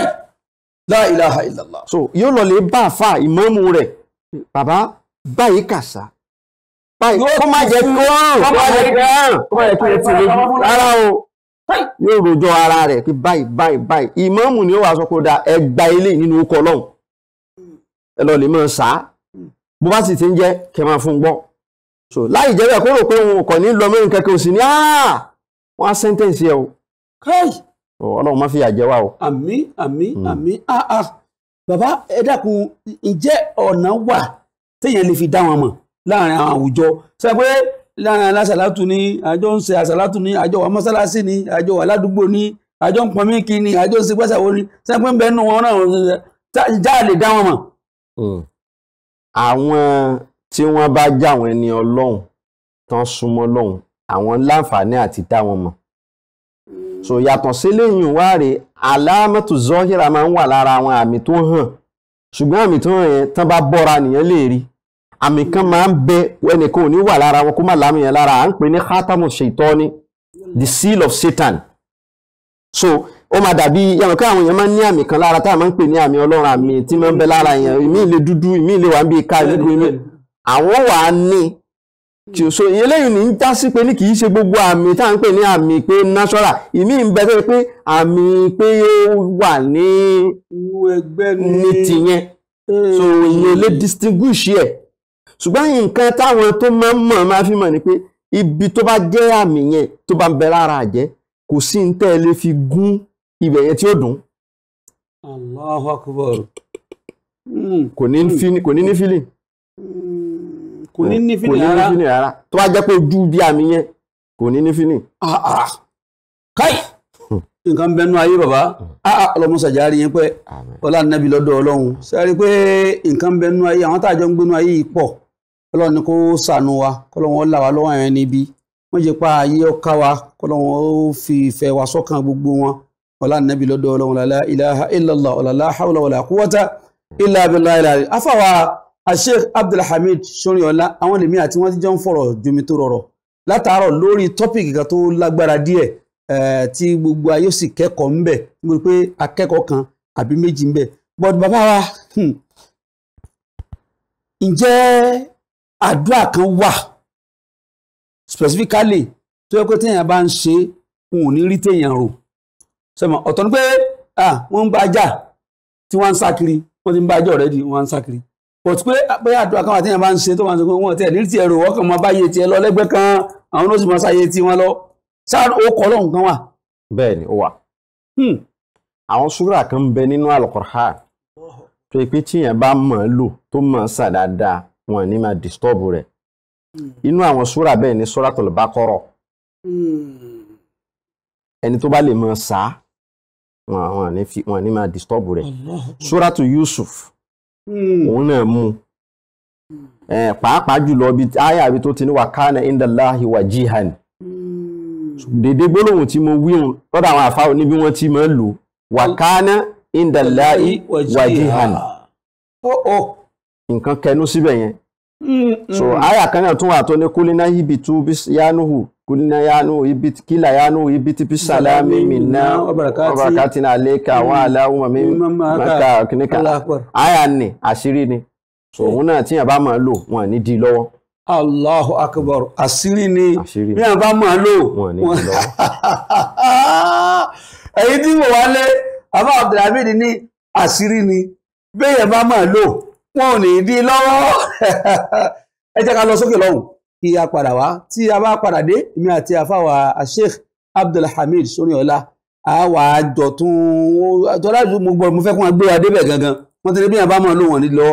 Speaker 2: la ilaha so yóò lọ lè bá àfa ìmáàmù rẹ̀ bàbá báyìí kàṣà báyìí kó má jẹ́ kí ó hàn kó má jẹ́ kí ó hàn kó má jẹ́ kí ó ti lè rárá o yóò rojọ́ ara rẹ̀ pé báyìí báyìí báyìí ìmáàmù ni ó wàá sọ pé ó da ẹgbà ilé nínú orúkọ ọlọ́run ẹ lọ lè máa sá bó bá sì ti ń jẹ́ kẹ́ máa fún un gbọ́ so láì jẹ́ bẹ́ẹ̀ kó rò pé òun kò ní lọ mẹ́rin kẹ́kẹ́ òsì ni wọ́n á sẹ́ńtẹ̀ǹsì ẹ̀ o ọlọ́run má fi yà jẹ wá o. àmín
Speaker 1: àmín hmm. àmín ah ah bàbá ẹ dákun ǹjẹ́ ọ̀nà wà téèyàn lè fi dá wọn mọ̀ láàrin àwọn àwùjọ ṣe pé láàrin alásàlátù ni àjọ ń ṣe àsàlátù ni àjọ wà mọ́sálásí ni àjọ wà ládùúgbò ni àjọ ń pọnmí kí ni àjọ ń ṣe gbàsàwò ni ṣe pé ń bẹ nínú wọn náà já lè dá wọn mọ̀. Hmm. àwọn
Speaker 2: tí wọ́n bá já àwọn ẹni ọlọ́run tán súnmọ́ ọlọ́run àwọn láǹfààní àti dá wọn mọ̀ so yàtọ̀ síléyìn wá rè alámọ̀tò zọ́hìrà máa ń wà lára àwọn àmì tó hàn ṣùgbọ́n àmì tó hàn yẹn tán bá bọ́ra nìyẹn lè rí àmì kan máa ń bẹ ẹnìkan ò ní wà lára wọn kó má lámì yẹn lára à ń pè ní khatamu shaitani the seal of Satan so ó máa dàbí yàrá kí àwọn èèyàn máa ń ní àmì kan lára tá a máa ń pè ní àmì ọlọ́run àmì tí máa ń bẹ lára èèyàn ìmí ìle dúdú ìmí ìle wà ń bí ká ìlú ìmí àwọn wà á ní tí o so eléyìí ní ń já sí pé ní kì í ṣe gbogbo àmì tá à ń pè ní àmì pé natural ìmí ń bẹ sẹ́yìn pé àmì pé ó wà ní ẹgbẹ́ ní tìyẹn so ìyẹn lè distinguish ẹ̀ ṣùgbọ́n nǹkan táwọn tó máa ń mọ̀ máa fi mọ̀ ni pé ibi tó bá jẹ́ àmì yẹn tó bá ń bẹ lára àjẹ́ kò sí ní tẹ́ ẹ lè fi gún ibẹ̀ yẹn tí ó dùn.
Speaker 1: Akbar. Hmm. kò ní ní
Speaker 2: feeling. Hmm kò ní ní fini rárá tó bá jẹ́ pé ojú bí àmì yẹn kò ní ní
Speaker 1: fini. Ah, ah. káì hmm. nǹkan bẹnu ayé bàbá hmm. ah, ọlọmọsàjárí yẹn pé ọlá nàbí lọ́dọ̀ Ọlọ́run sẹrí pé nǹkan bẹnu ayé àwọn tàjọ ń gbénu ayé yìí pọ̀ Ọlọ́run ni kó sànù wa kọlọwọn là wá lọ́wọ́ àwọn níbi wọn jẹ pa ayé ọkà wa kọlọwọn ó fi ìfẹ́ wa sọ́kàn gbogbo wọn ọlá nàbí lọ́dọ̀ Ọlọ́run làlá ilaha illallah ọlàlá hawla wàlá kúwọta ilà abilà ilà àfàwà asheikh abdulhamid sorinola àwọn lèmi àti wọn ti jọ ń fọ̀rọ̀ jomi tó rọrọ̀ látàárọ̀ lórí tọ́pìkì kan tó lágbára díẹ̀ eh, tí gbogbo ayé sì kẹ́kọ̀ọ́ ńbẹ̀ mo rí pé akẹ́kọ̀ọ́ kan àbí méjì ńbẹ̀ but bàbá wa hmm, ǹjẹ́ àdúrà kan wà specifically tó yẹ kó téèyàn bá ń ṣe òun ò ní rí téèyàn rò sọmọ ọ̀tọ̀ ni pé wọ́n ń bá a jà tí wọ́n ń sá kiri wọ́n ti ń bá a jà ọ̀rẹ́dì wọ́n ń sá kiri but pé pé àdúrà kan àti èèyàn bá ń ṣe tó máa ń sọ pé wọn tẹ ní tiẹ̀ rò wọ́n kàn máa bá iye tiẹ̀ lọ lẹ́gbẹ́ kan àwọn ló sì máa ṣàyè tiwọn lọ sáà ó kọ́ lọ́hùn kan wà. bẹ́ẹ̀ ni ó wà hmm. àwọn súrà
Speaker 2: kan bẹ nínú àlùkòrá tó yẹ pé tíyẹn bá mọ̀ ọ́ lò tó mọ̀ ọ́ sà dáadáa wọn ní máa disturb rẹ̀ hmm. inú àwọn súrà bẹ́ẹ̀ ni Suratul Baqara
Speaker 1: hmm.
Speaker 2: ẹni tó bá lè mọ̀ ọ́ wọn ní máa disturb rẹ̀ Suratu Yusuf. Hmm. òun náà mú pàápàá jùlọ bí àyà bí tó ti ní wàkánà indalahi wajihan hmm. dédé gbólóhùn tí mo wí hàn lọ́dọ̀ àwọn àfáà níbi wọ́n ti máa ń lò wàkánà indalahi wajihan oh, oh. nǹkan kẹnu síbẹ̀ yẹn
Speaker 1: so àyà
Speaker 2: kan náà tún wà tó ní kúlínà ibi tú yanuhu kúlínà yanuhu ibi kílà yanuhu ibi tí bísàlá mímì náà ọbàràkàtì náà lẹ́ka àwọn aláwọ̀ mímì maka kìnìkà àyà ni àṣírí ni so mm. òun náà tíyàn bá máa lò wọn ní di lọ́wọ́. Allahu akbar àṣírí ni bí wọn bá máa lò wọn ní di lọ́wọ́.
Speaker 1: èyí tí mo wá lé àbá Abdulhamid ní àṣírí ni bẹ́ẹ̀ yẹn bá máa lò wọn ò ní dí lọ́wọ́ ẹ jẹ́ ká lọ sókè lọ́hùn kí a padà wá tí a bá padà dé èmi àti àfáwà Sheikh Abdulhamid Sorinola àwa àjọ tún tọ́lá mo gbọ́ mo fẹ́ kí wọ́n gbé wa débẹ̀ gangan wọ́n ti ní bí wọn bá mọ̀ lò wọ́n ní lọ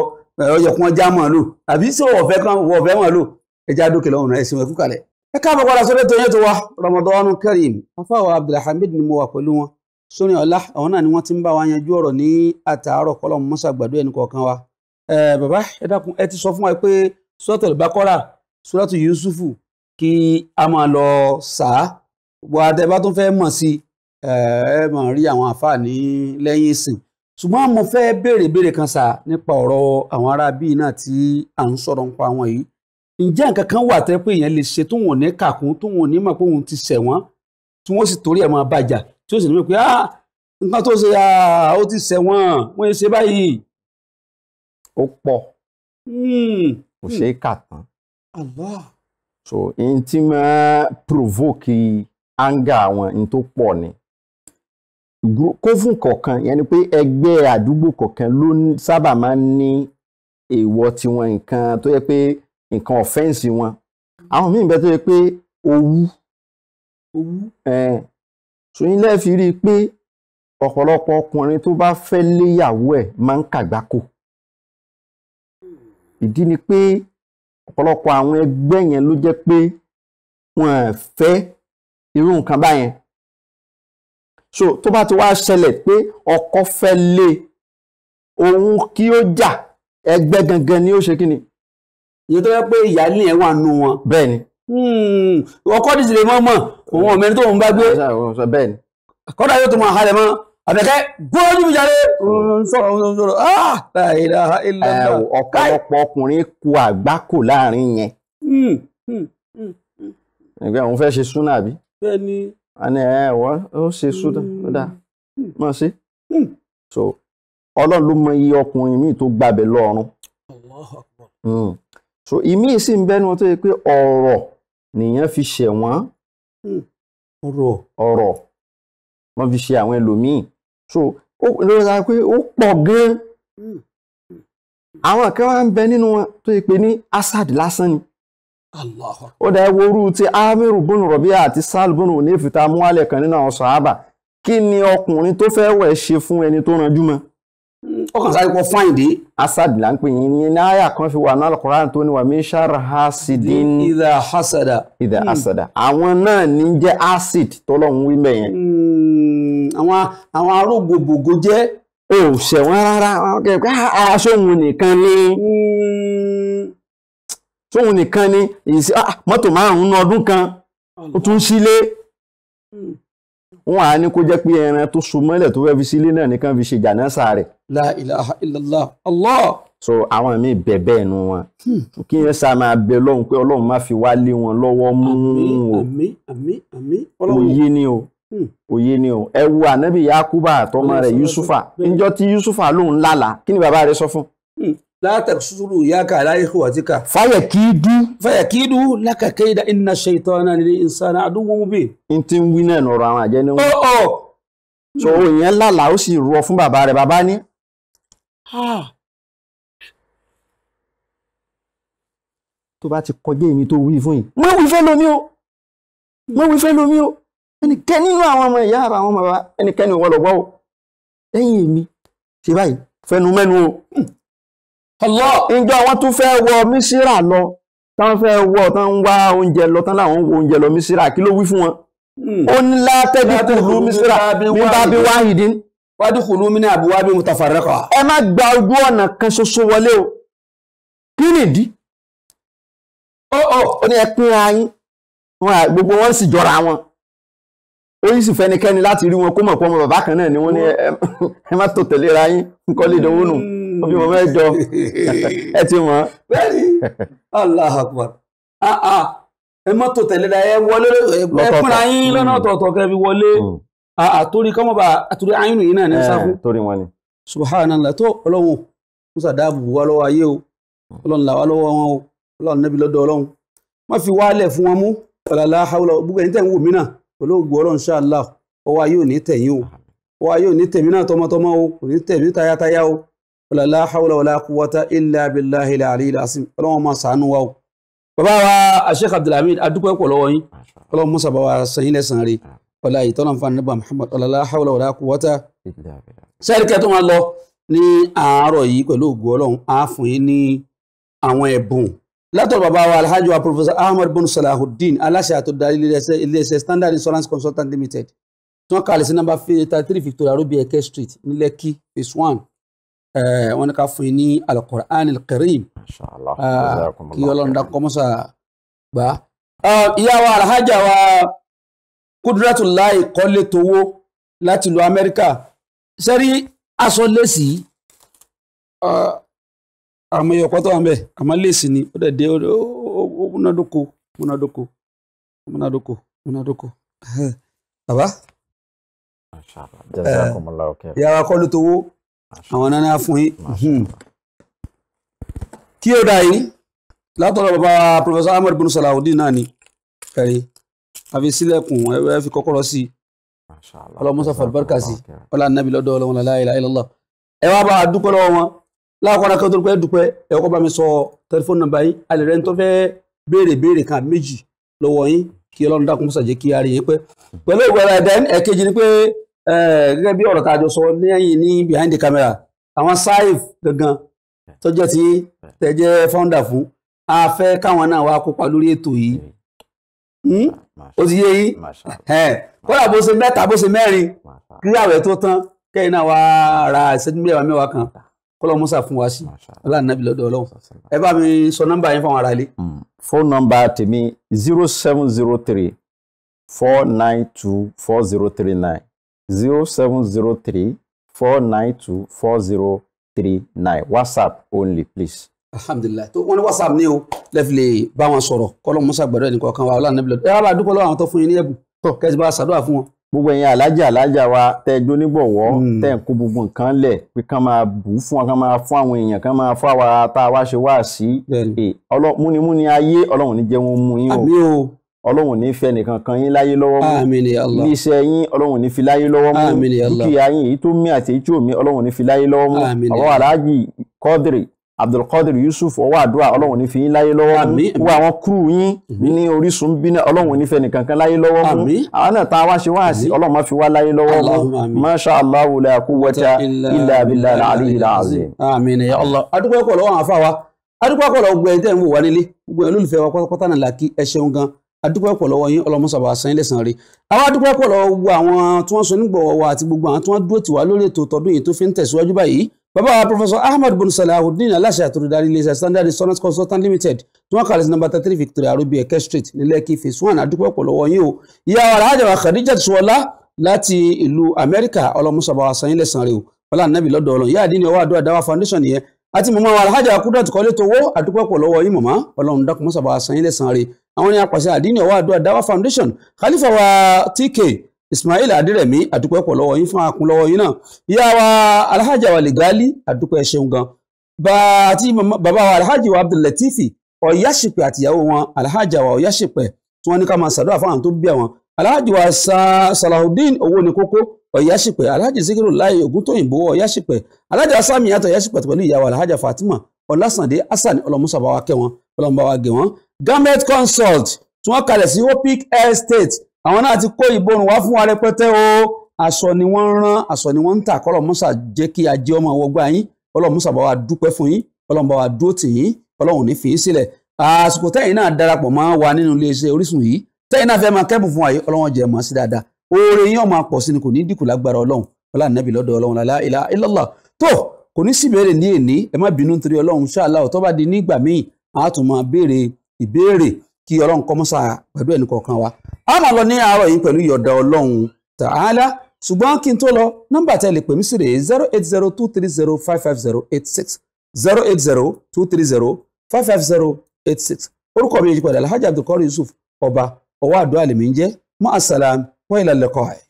Speaker 1: ẹ̀rọ yẹ kí wọ́n já mọ̀ lò àbí sí ọ̀fẹ́ kan ọ̀fẹ́ mọ̀ lò ẹ já dókè lọ́hùn náà ẹ̀sìn wọn kúkàlẹ̀. ẹ káàbọ̀ padà sórí ètò yẹn tó wa Ramadan Kareem àfáwà Abdulhamid ni mo wà pẹ̀lú wọn Sorinola àwọn náà ni wọ́n ti ń bá wa yanjú ọ̀rọ̀ ní àtàárọ̀ kọ́lọ́mù mọ́sàgbàdo ẹnì kọ̀ọ̀kan wa bàbá ẹ dákun ẹ ti sọ fún wa pé suratul Baqara suratu Yusufu kí a máa lọ sá gbogbo adé bá tún fẹ́ mọ̀ sí ẹ mọ̀ rí àwọn àǹfààní lẹ́yìn ìsìn ṣùgbọ́n mo fẹ́ béèrè béèrè kan sá nípa ọ̀rọ̀ àwọn ará bíi náà tí à ń sọ̀rọ̀ nípa wọn yìí ǹjẹ́ nǹkan kan wà tẹ́ pé èèyàn lè ṣe tóun ò ní kàkún tóun ò ní mọ̀ pé òun ti ṣẹ̀ wọ́n tí wọ́n sì torí ẹ̀ máa bàjà tí ó sì ní mọ̀ pé ah nǹkan tó ṣe ah, ó ti ṣẹ̀ wọ́n wọ́n ṣe báyìí ó pọ̀ hmm. kò ṣeé
Speaker 2: kà tán so n tí máa provoke anger àwọn n tó pọ̀ ni kófùn kọ̀ọ̀kan yẹn ni pé ẹgbẹ́ àdúgbò kọ̀ọ̀kan ló sábà máa ń ní èèwọ̀ tiwọn nǹkan tó yẹ pé nǹkan ọ̀fẹ́ǹsì wọn àwọn míì bẹ́ẹ̀ tó yẹ pé owú owú ṣòyìn lẹ́ẹ̀ fi rí i pé ọ̀pọ̀lọpọ̀ ọkùnrin tó bá fẹ́ léyàwó ẹ̀ máa ń kàgbákò ìdí ni pé ọ̀pọ̀lọpọ̀ àwọn ẹgbẹ́ yẹn ló jẹ́ pé wọ́n fẹ́ irú nǹkan báyẹn so tó bá ti wá ṣẹlẹ̀ pé ọkọ fẹ́ lé òun kí ó jà ẹgbẹ́ gangan ni ó ṣe kí ni.
Speaker 1: ìyẹn tó yẹ pé ìyáálé yẹn wà nù wọn. bẹ́ẹ̀ni. Hmm, ọkọ dìsílẹ̀ mọ́ mọ́ òun ọ̀mẹ́ni tó ń bá gbé. bẹ́ẹ̀ni. kọ́dà yóò tún máa halẹ̀ mọ́ àbẹ̀kẹ́ gbóòjú mi jáde sọ̀rọ̀ sọ̀rọ̀ ah! ọ̀pọ̀lọpọ̀ ọkùnrin ku
Speaker 2: àgbákò láàrin yẹn
Speaker 1: hmm, hmm, hmm,
Speaker 2: ẹgbẹ́ òun fẹ́ ṣe súnà àbí ẹni ẹ̀wọ́ ó ṣe súnà ó dáa mọ̀ sí so ọlọ́run ló mọ iye ọkùnrin míì tó gbàbẹ̀ lọ́rùn so ìmíì sì ń bẹ́nu tó yẹ pé ọ̀rọ̀ nìyẹn fi ṣẹ̀wọ̀n ọ̀rọ̀ ọ̀rọ̀ wọ́n fi ṣe àwọn ẹlòmíì so lórí ta pé ó pọ̀ gan hmm. àwọn kan wá ń bẹ nínú wọn tó yẹ pé ní Asad lásán ni ó dá ewu orú ti Amiru bùnú Rọ̀bíà àti Sal bùnú Onífi ta mú kan nínú àwọn sàhábà kí ni ọkùnrin tó fẹ́ wẹ̀ ṣe fún ẹni tó ranjú mọ́
Speaker 1: ọkàn hmm, sáré pọ fáìn dé.
Speaker 2: asad la ń pè yín ní náírà kan fi wà ní alukoran tó ní wà mí hasidin. ìdá hasada. ìdá hmm. hasada. àwọn náà ní jẹ́ acid tọ́lọ́hún wí mẹ́yẹn àwọn àwọn arógbòbògò jẹ́ ò ṣẹ̀wọ́n rárá aṣóhun ah, ah, nìkan ni ṣóhun hmm. nìkan ni ah, mọ́tò márùn-ún ọdún kan ó tún sílé hmm. wọn á ní kó jẹ́ pé ẹran tó so mọ́lẹ̀ tó fẹ́ fi sílé náà nìkan fi ṣe jànásà rẹ̀. la ilaha illallah allah. so àwọn míì bẹ̀bẹ̀ inú wọn hmm. kí yẹn sá máa bẹ lọ́hùn pé ọlọ́run má fi wá lé wọn lọ́wọ́ mú
Speaker 1: un o òye ni o. Hmm.
Speaker 2: òye ni o ẹ wo ànábì yakuba àtọmọ rẹ yusufa níjọ́
Speaker 1: tí yusufa lòun lálàá kí ni bàbá rẹ sọ fún. Hmm. látàkì sùúrù yáka aláìkú àtìkà. fàyẹ kì í dú. fàyẹ kì í dú lákàkẹ́ ìdá iná ṣe ìtọ́ náà nílé ìsànà àdúgbò bí. n ti ń wí náà nọ̀rọ̀ àwọn àjẹ́ ni wọ́n. ọ̀ sọ òyìn lálàá ó sì rọ fún bàbá
Speaker 2: rẹ bàbá ní. tó bá ti kọjá èmi tó wí fún yìí.
Speaker 1: mo wí fẹ́ lómi o mo wí fẹ́ lómi o
Speaker 2: ẹnìkẹ́ nínú àwọn ọmọ ìyá ara àwọn bàbá ẹnìkẹ́ni ìwọ lọ́gbọ́ o lẹ́yìn èmi ṣe báyìí fẹnu mẹ́nu o. ìjọ hmm. wọn tún fẹ́ wọ mísírà lọ táwọn fẹ́ wọ táwọn ń wá oúnjẹ lọ táwọn làwọn ń wo oúnjẹ lọ mísírà kí ló wí fún wọn.
Speaker 1: Hmm. ó ní látẹ́bí kùlú mísírà nígbà bí wáhìdín. wádìí kùlú mi ní àbúwá bí mutafarriqa. ẹ má gba ojú ọ̀nà kan ṣoṣo wọlé o kí nìdí.
Speaker 2: ó ní ẹ ayín gbogbo wọn sì jọra wọn ó yìí sì fẹnikẹ́ni láti rí wọn kó mọ̀ pọ́ ọmọ bàbá kan náà ni wọ́n ní ẹ má tó tẹ̀lé ra yín nǹkan lè dánwó nù ó bí wọn mẹ́jọ ẹ ti mọ̀.
Speaker 1: bẹ́ẹ̀ni allah akbar ah, ah. ẹ má tó tẹ̀lé ra ẹ wọlé ẹ fúnra yín lọ́nà hmm. ọ̀tọ̀ọ̀tọ̀ kẹ́ fi wọlé àtòrí hmm. ah, kọ́mọ̀ bá àtòrí ayínú yìí náà ní eh, sáfù. torí wọn ni. subhanallah tó ọlọ́run musa dáàbò wà lọ́wọ́ ayé o hmm. ọlọ́run là wà lọ́wọ́ wọn o ọlọ́run nẹ́bi lọ́dọ̀ ọlọ́run má fi wálẹ̀ fún wọn mú. ọ̀làlá hawla gbogbo ẹni tẹ̀ ń wò mí pẹ̀lú ògùn ọlọ́run ṣáàlá ọwọ́ ayé ò ní tẹ̀yìn o ọwọ́ ayé ò ní tẹ̀mí náà tọmọtọmọ o kò ní tẹ̀mí tayátayá o ọlọ́lá haúlá ọlá kúwọ́tá ilẹ̀ abiláhi ilẹ̀ àlè ilẹ̀ asim ọlọ́run máa ṣàánú wa o. bàbá wa Sheikh Abdulhamid adúpẹ́ pọ̀ lọ́wọ́ yín ọlọ́run musa bá wa sẹ́yìn lẹ́sàn rẹ̀ ọlá ìtọ́nàfà nígbà Muhammad ọlọ́lá látọ̀ bàbá wa alhaji wa professor ahmed bin salahuddin aláṣẹ àtòdarí iléeṣẹ́ standard insurance consultant limited tí wọ́n kàlẹ̀ sí nọ́mbà thirty three victoria rubi eke street ní lẹ́kì phase one eh, wọ́n ní ká fún yín ní alukur'an alkarim ah, kí ọlọ́run dákọ́ mọ́sá gbà. Ah, ìyá wa alhaja wa kudratulahi kọ́lé towó láti lu amẹ́ríkà sẹ́rí aṣọ lẹ́sì àmọye ọ̀pá tó wà mẹ́ àmọ́ léèsì ni ó dẹ̀ dé ó múnádóko múnádóko múnádóko múnádóko bàbá.
Speaker 2: yàrá kọ́lu tó wó
Speaker 1: àwọn nana fún yín hmm. kí ó dà yìí látọ̀rọ̀ bàbá Professor Ahmed bin Salawudeen náà ni ẹ̀rí àfi sílẹ̀kùn ẹ fi kọ́kọ́rọ́ sí i ọlọ́mọsá fàlùbárkà sí i ọlọ́ànàbí lọ́dọ̀ ọlọ́wọ́n la ilaha illallah ẹ wá bá a dúpẹ́ lọ́wọ́ wọn láàkọ́ra kan tó dúpẹ́ dúpẹ́ ẹ kọ́ bá mi sọ tẹlifóònù nọ́mbà yín alẹ́ rẹ̀ ń tó fẹ́ béèrè béèrè kan méjì lọ́wọ́ yín kí ọlọ́run dákun sàjẹ́ kí a rí yín pé pẹ̀lú ìgbọ̀ra ẹ̀dẹ́ ẹ̀kejì ni pé gẹ́gẹ́ bí ọ̀rọ̀ tá a jọ sọ ní behind the camera àwọn Saif gangan tọ́jọ́ tí tẹ̀ jẹ́ founder fún a fẹ́ káwọn náà wá kópa lórí ètò yìí hmm? ó ti yé yín kódà bó ṣe mẹ́ta bó ṣe mẹ́rin kí tó tán kẹ́yìn náà wá ra ìṣẹ́jú mẹ́wàá mẹ́wàá kan kọ́lọ́ musa fún wa sí ọlá nàbí lọ́dọ̀ ẹ bá mi sọ nọ́mbà yẹn fáwọn ará ilé. fóònù hmm. nọ́mbà tèmi zero seven zero three four
Speaker 2: nine two four zero three nine zero seven zero three four nine
Speaker 1: two four zero three nine whatsapp only please. alhamdulilayi tó wọn ní whatsapp ní o lẹ́fi lè bá wọn sọ̀rọ̀ kọ́lọ́ musa gbẹ̀rẹ̀ nìkan kan wa ọlá nàbí lọ́dọ̀ ẹ bá dúpọ̀ lọ́wọ́ àwọn tó fún yín ní ẹ̀bùn kẹ́sì bá ṣàdúrà fún wọn gbogbo ẹ̀yin alájà alájà wa tẹ́ ẹ jónígbọ̀wọ́ hmm. tẹ́ ẹ
Speaker 2: kó gbogbo nǹkan lẹ̀ pé kán máa bù ú fún wa kán máa fún àwọn èèyàn kán máa fún àwa tá a wá ṣe wá sí múnimúni ayé ọlọ́run ní jẹ́ wọn mú yín o ọlọ́run ní fẹ́ nìkan kan yín láyé lọ́wọ́ mú iléeṣẹ́ yín ọlọ́run ní fi láyé lọ́wọ́ mú dúkìá yín èyí tó mí àti èyí tó mí ọlọ́run ní fi láyé lọ́wọ́ mú àwọn aláàjì kọ́dìrì abdulkadir yusuf ọwọ́ àdúrà ọlọ́run ní fi yín láyé lọ́wọ́ mú wọ àwọn kúrú yín mhm. ní orísun bí náà ọlọ́run ní fẹ́ nìkankan láyé lọ́wọ́ mú
Speaker 1: àwọn náà tá a wá ṣe wá sí ọlọ́run má fi wá láyé lọ́wọ́ mú masha allah la quwwata illa billahi aliyil azim. àmín ya allah adúgbò ẹkọ lọ́wọ́ àwọn afáwa adúgbò ẹkọ lọ́wọ́ gbẹ tẹ ń wò wá nílé gbogbo ẹ lólùfẹ́ wa pátápátá náà làkí ẹ gan adúgbò ẹkọ lọ́wọ́ yín ọlọmọsàbà sẹyìn lẹsàn rí àwọn adúgbò ẹkọ lọ́wọ́ gbogbo àwọn tí wọn sọ nígbọ̀wọ́ wa àti gbogbo àwọn tí wọn dúró tì lórí ètò tọdún yìí tó fi ń tẹ̀síwájú báyìí bàbá wa professor ahmed bin salahudeen aláṣẹ àtòrìdarí iléeṣẹ́ standard insurance consultant limited tí wọ́n kàlẹ̀ sí number thirty three victoria arubi eke street ní lẹ́kì phase one àdúpọ̀ pọ̀ lọ́wọ́ yín o ìyá wa alhaja wa khadija suwọlá láti ìlú amẹ́ríkà ọlọ́mùsọ̀bà wa sanyín lẹ́sàn rẹ̀ o wọ́n láǹ nẹ́bí lọ́dọ̀ ọlọ́run yáàdín ni ọwọ́ àdúrà dáwà foundation nìyẹn àti mọ̀mọ́ wa alhaja kúdọ̀tì kọ́lé towó àdúpọ̀ pọ̀ lọ́wọ́ yín mọ̀mọ́ ọlọ́run dákùnmọ́sọ̀bà wa sanyín lẹ́sàn rẹ̀ foundation khalifa wa tk Ismail Adiremi àdúpẹ́ pọ̀ lọ́wọ́ yín fún àkúnlọ́wọ́ yín náà ìyá wa Alhaja wa Ligali àdúpẹ́ ṣeun gan àti bàbá wa Alhaji wa Abdullatifi Ọ̀yáṣìpẹ̀ àtìyàwó wọn Alhaja wa Ọ̀yáṣìpẹ̀ tí wọ́n ní ká máa ṣàdúrà fáwọn tó bí àwọn Alhaji wa salahudin owó ni kókó Ọ̀yáṣìpẹ̀ Alhaji Sikiru Lai Ògúntóyìnbó Ọ̀yáṣìpẹ̀ Alhaji Asami yàtọ̀ Ọ̀yáṣìpẹ̀ pẹ̀lú ìyá wa Alhaja Fatima Ọlásàndé Hasan ọlọmọsàbáwá kẹwọn ọlọmọbáwá gẹwọn Gamet Consult tí wọ́n kalẹ̀ sí Opic Estate àwọn náà ti kó ìborùn wá fún wa rẹpẹtẹ o aṣọ ni wọ́n rán aṣọ ni wọ́n ń tà kọ́lọ̀ mọ́sà jẹ́ kí ajé ọmọ wọgbà yín ọlọ́run mọ́sà bá wa dúpẹ́ fún yín ọlọ́run bá wa dúró tì yín ọlọ́run ò ní fi yín sílẹ̀ àsìkò tẹ́yìn náà darapọ̀ mọ́ wa nínú iléeṣẹ́ Orísun yìí tẹ́yìn náà fẹ́ máa kẹ́bùn fún wa yìí ọlọ́run jẹ́ mọ́ sí dáadáa oore yín ó máa pọ̀ sí ni kò ní dínkù lágbára ọlọ́run ọlá nẹ́bí lọ́dọ̀ ọlọ́run lálá ilá ilọ́lá tó kò ní sí ìbéèrè ní èní ẹ má bínú nítorí ọlọ́run ṣáàlà ọ̀tọ́ bá di nígbà míì àá tún máa béèrè ìbéèrè kí ọlọ́run kọ́mọ́sà pẹ̀lú ẹnì kọ̀ọ̀kan wa a máa lọ ní àárọ̀ yìí pẹ̀lú ìyọ̀dà ọlọ́run tààlà ṣùgbọ́n kí n tó lọ nọ́mbà tẹ́ lè pè mí sí rèé zero eight zero two three zero five five zero eight six zero eight zero two three zero five five zero eight six orúkọ mi yìí padà alhaji abdulkadir yusuf ọba ọwọ́ àdúrà lèmi ń jẹ́ mọ́ àsàlám wọ́n ìlànà lẹ́kọ̀ọ́ ẹ̀.